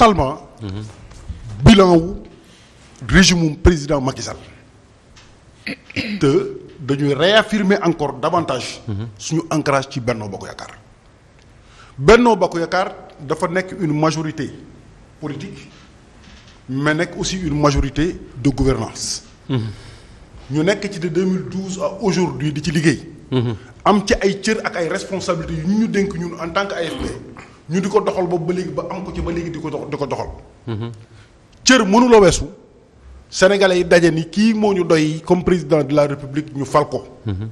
totalement bilan wu régime président Macky Sall te dañuy réaffirmer encore davantage suñu ancrage ci Benno Bokk Yaakaar Benno Bokk Yaakaar dafa nekk une majorité politique ma nekk aussi une majorité de gouvernance ñu nekk ci de 2012 à aujourd'hui di ci liggéey mhm. am ci ay cër ak ay responsabilités yu ñu dénk ñun en tant que AFP ñu di ko doxal boobu ba léegi ba am ko ci ba léegi di ko di ko doxal. Mhm. cër mënuloo weesu sénégalais yi daje ni kii moo ñu doy comme président de la république ñu fal ko. Mhm.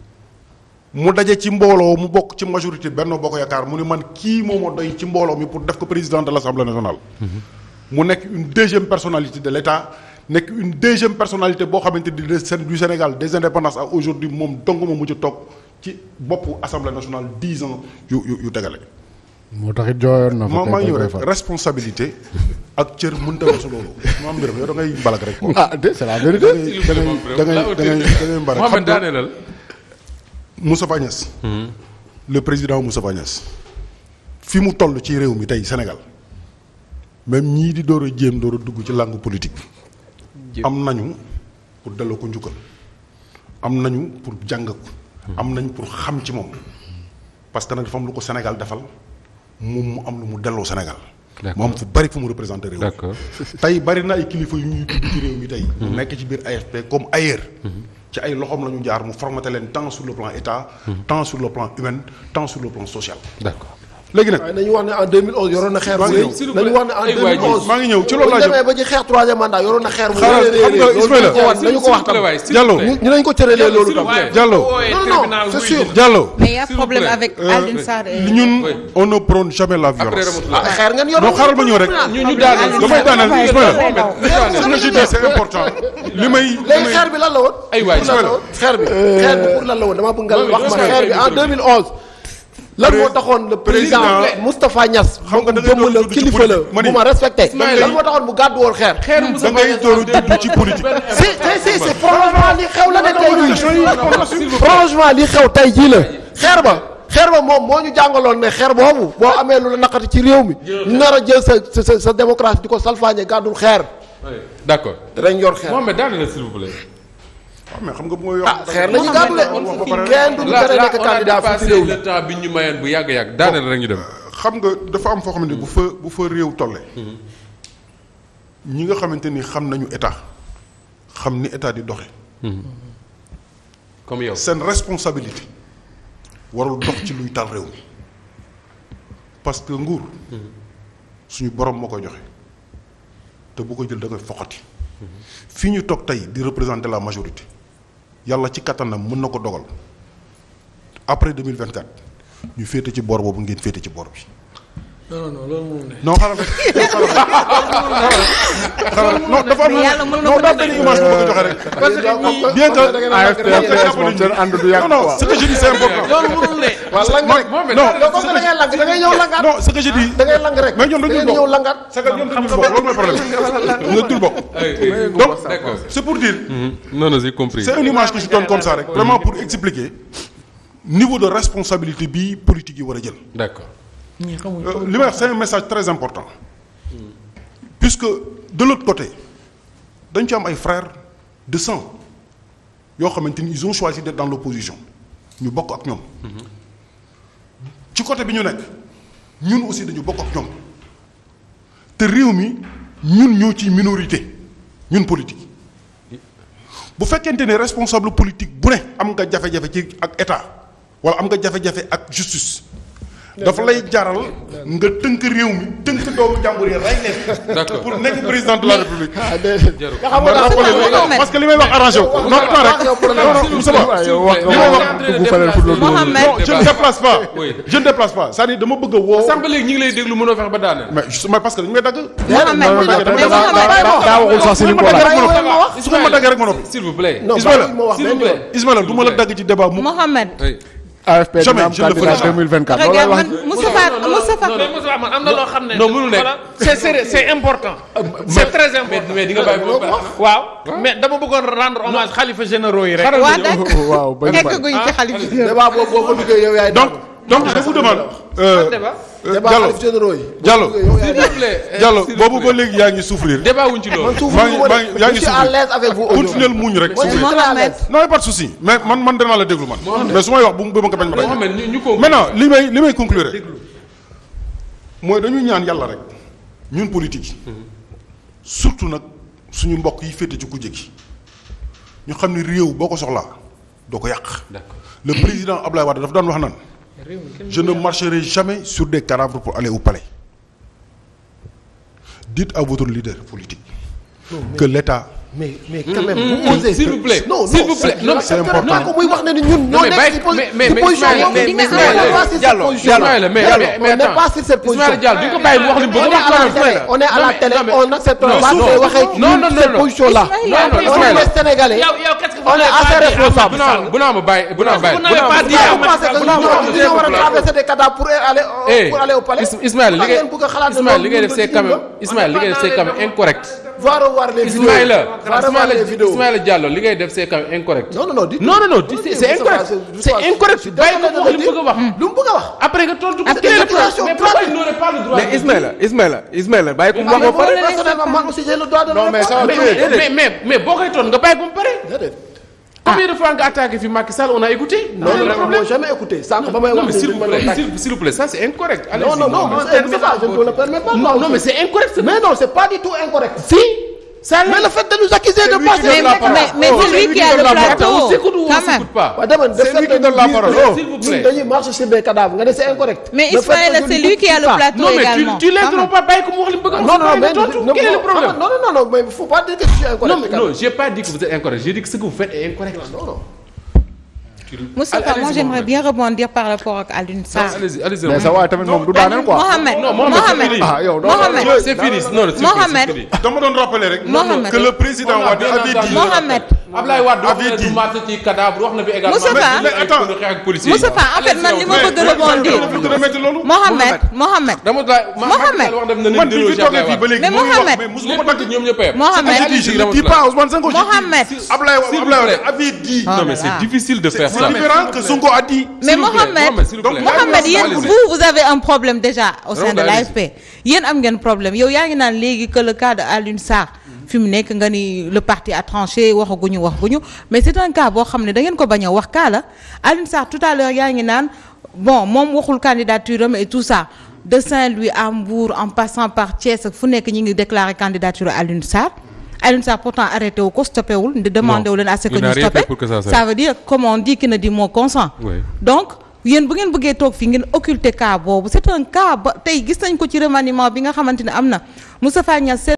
mu daje ci mbooloo mu bokk ci majorité Benno Bokk Yaakaar mu ne man kii moo ma doy ci mbooloo mi pour def ko président de l' assemblée nationale. Mhm. mu nekk une deuxième personnalité de l' nekk une deuxième personnalité boo xamante ni du Sénégal des indépendances ak aujourd'hui moom dong ma mujj a toog ci boppu assemblée nationale dix ans yu yu yu tegale. moo tax it jooyoon na fa maa ngi responsabilité ak cër mënta weesu loolu. maam mbir yow da mbalag rek. ah de c'est la vérité da ngay da ngay da ngay da ngay le président Moustapha Niasse. fi mu toll ci réew mi tey senegal même ñii di door a jéem door a dugg ci langue politique am nañu pour delloo ko njukkal. am nañu pour jàng am nañ pour xam ci moom. parce que nag dafa am lu ko Sénégal defal. moom mu am lu mu delloo Sénégal. mu am fu bari fu mu représenté réew mi. tey bari na ay kilifa yu ñuy tudd ci réew mi tey. mu mhm. nekk ci biir AFP comme ailleurs. Mhm. ci ay loxoom la ñu jaar mu formaté leen tant sur le plan état. Mhm. tant sur le plan humain tant sur le plan social. d'accord. léegi nag nañu wax ne en 2011 yoroon na xeer. ngi ñëw nañu wax ne en 2011 maa ngi ñëw ci xeer ko wax loolu tam. Diallo non a problème avec euh, Alioune Sarr ñun on ne prône jamais la violence. ah xeer ngeen yoroon non xaaral ma ñëw rek. ñu ñu daaneel damay daaneel Ismaïla. ce que je dis c'est important. li may li may bi la woon. la woon dama bëgg nga wax ma xeer bi en 2011 lan moo taxoon le président Moustapha Niass. xam nga da ngay dóor a kilifa la bu ma respecté. lan moo taxoon mu gàddu woon xeer. xeer Moustapha Niass da ngay franchement li xew la tey jii franchement li xew tey jii la xeer ba. xeer ba moom moo ñu jàngaloon ne xeer boobu boo amee lu la naqati ci réew mi. nar a jël sa sa sa démocratie di ko salfaañe gàddul xeer. d'accord danañ yor xeer. Mohamed daane la s'il waaw ah, xam nga bu ma yokk. ah xeer la ñu gàddu a bi ñu mayoon bu yàgg yàgg daaneel rek ñu dem. xam nga dafa am foo xamante ni bu fa bu fa réew tolle. Mm-hmm. ñi nga xamante ni xam nañu état xam ni état di doxe mm-hmm. yow seen responsabilité warul dox ci luy tal réew mi parce que nguur. Mm-hmm. suñu borom moo ko joxe te bu ko jël da koy foqati. fii ñu toog tey di représenter la majorité. yàlla ci kattanam mën na ko dogal après 2024 ñu féete ci boor boobu ngeen féete ci boor bi. non non loolu moom ne. non xaaral rek non dafa am non dafa benn image bu bëgg a joxe rek. que bien que AFPS moom non c'est important. da ngay ñëw langaat non ce que je dis. da ngay lang rek pour dire. Mm-hmm. non non j'ai compris. c'est une image que je donne comme ça rek vraiment pour expliquer niveau de responsabilité bi politique yi war a jël. d'accord. li may wax un message très important. puisque de l'autre côté dañ ci am ay frères de sang yoo xamante ni ils ont de d'être dans l'opposition ñu bokk ak ñoom ci côté bi ñu nekk ñun aussi dañu bokk ak ñoom te réew mi ñun ñëw ci minorité ñun politique bu fekkente ne responsable politique bu ne am nga jafe-jafe ci ak état walla am nga jafe-jafe ak justice dafa lay jaral nga tënk réew mi tënk doomu jàmbur yi rey leen pour nekk président de la république parce li may wax arrangé wu non attends rek non non Moussa Ba li may wax je ne déplace pas je ne déplace pas c'est-à-dire dama bëgg a woo sànq léegi ñu mais justement parce may dagg daa waxul sax si li mu ko laaj su ma daggee rek ma noppi s'il vous plaît Ismaïla Ismaïla du ma la dagg ci débat AFP dina am candidat 2024. loolu wax Moustapha man am na loo xam ne. non mënul nekk c'est c'est c'est important. Ah, c'est très important mais di nga bàyyi waaw mais dama bëggoon rendre hommage xalifa généraux yi rek. xaral waaw waaw ci xalifa ah, généraux. donc donc je vous demande Euh, débat euh, débat xalif généraux yi. Diallo euh, Diallo boobu ba léegi yaa ngi souffrir. débat wuñ ci loolu. yaa ngi souffrir continuel muñ rek. non pas de mais man man danaa la déglu man. mais su may wax bu ma ko bañ ma bañ. maintenant li may li may conclure mooy dañuy ñaan yàlla rek ñun politique yi. surtout nag suñu mbokk yi féete ci kujje gi ñu xam ni réew boo ko soxlaa doo ko yàq. le président Ablaye Wade dafa daan wax naan. je ne marcherai jamais sur des cadavres pour aller au palais dites à votre leader politique que l'État mais mais quand même. bu osé s'il vous plaît non s'il vous plaît non c'est important ko muy wax ne ñun. ñoo nekk ci position mais mais mais mais Ismaïla mais mais attends Ismaïla Diallo duñ ko bàyyi mu wax li mu bëgg a wax. on est à la télé on accepte pas de waxee ci cette position là. non non on est sénégalais on est assez responsable. bu naa ma bàyyi bu naa ma bàyyi bu naa ma bàyyi bu war a traverser des cadavres pour aller pour aller au palais. Ismaïla li ngay Ismaïla li ngay def c'est quand même Ismaïla li ngay def c'est quand même incorrect. va revoir les li ngay def c'est quand incorrect. non non non non c'est incorrect c'est incorrect bàyyi ko wax li mu bëgg a wax. lu mu bëgg a wax. après nga tontu mais Ismaïla Ismaïla Ismaïla bàyyi ko wax ba pare. man aussi j'ai le droit de. non mais mais mais boo koy tontu nga bàyyi ko mu pare. Ah. combien de fois nga attaqué fi Macky Sall on a écouté. non non jamais écouté. sànq ba may wax s'il vous plaît s'il vous plaît ça c'est incorrect. non non non je ne le permets pas. non mais incorrect. mais non c'est pas du tout incorrect. si. mais le fait de nous accuser de c'est lui qui a le plateau c'est lui qui marche sur des cadavres mais Ismaïla c'est lui qui a le plateau également non mais tu laisses pas bàyyi ko mu a le problème non non non mais faut pas dire que tu es incorrect non j'ai pas dit que vous êtes incorrect j'ai dit que ce que vous faites est incorrect Moustapha moi j'aimerais bien rebondir par rapport ak Alioune Sarr. mais sa waay tamit moom du daaneel quoi. non Mohamed ah yow c'est fini non c'est fini rappeler rek. que le président Wade a dit. Mohamed Ablaye Wade wax na du marché ci cadavre wax na fi également. Moustapha en fait man li ma bëgg a rebondir. Mohamed Mohamed. dama la Mohamed wax na man bi fi toogee fii ba léegi. mais Mohamed Mohamed c'est difficile de faire ça. mais Mohamed Mohamed yéen vous vous avez un problème déjà au sein de l'AFP yéen am ngeen problème yow yaa ngi naan léegi que le cas de Alioune Sarr fi mu nekk nga ni le parti a tranché waxaguñu wax guñu mais c'est boo xam ne da ngeen ko bañ a wax kaa la Alioune Sarr tout à l'heure yaa ngi naan bon moom waxul candidature am et tout ça de Saint-Louis à en passant par Thiès fu nekk ñi ngi déclaré candidature Alioune Sarr Alioune Sarr pourtant arrêté wu ko stoppé wul. non demandé wu leen à ce que ñu stoppé ça, ça veut dire comme on dit qui ne consent. donc yéen bu ngeen bëggee toog fii ngeen occulter cas boobu c'est un bi nga xamante ne am na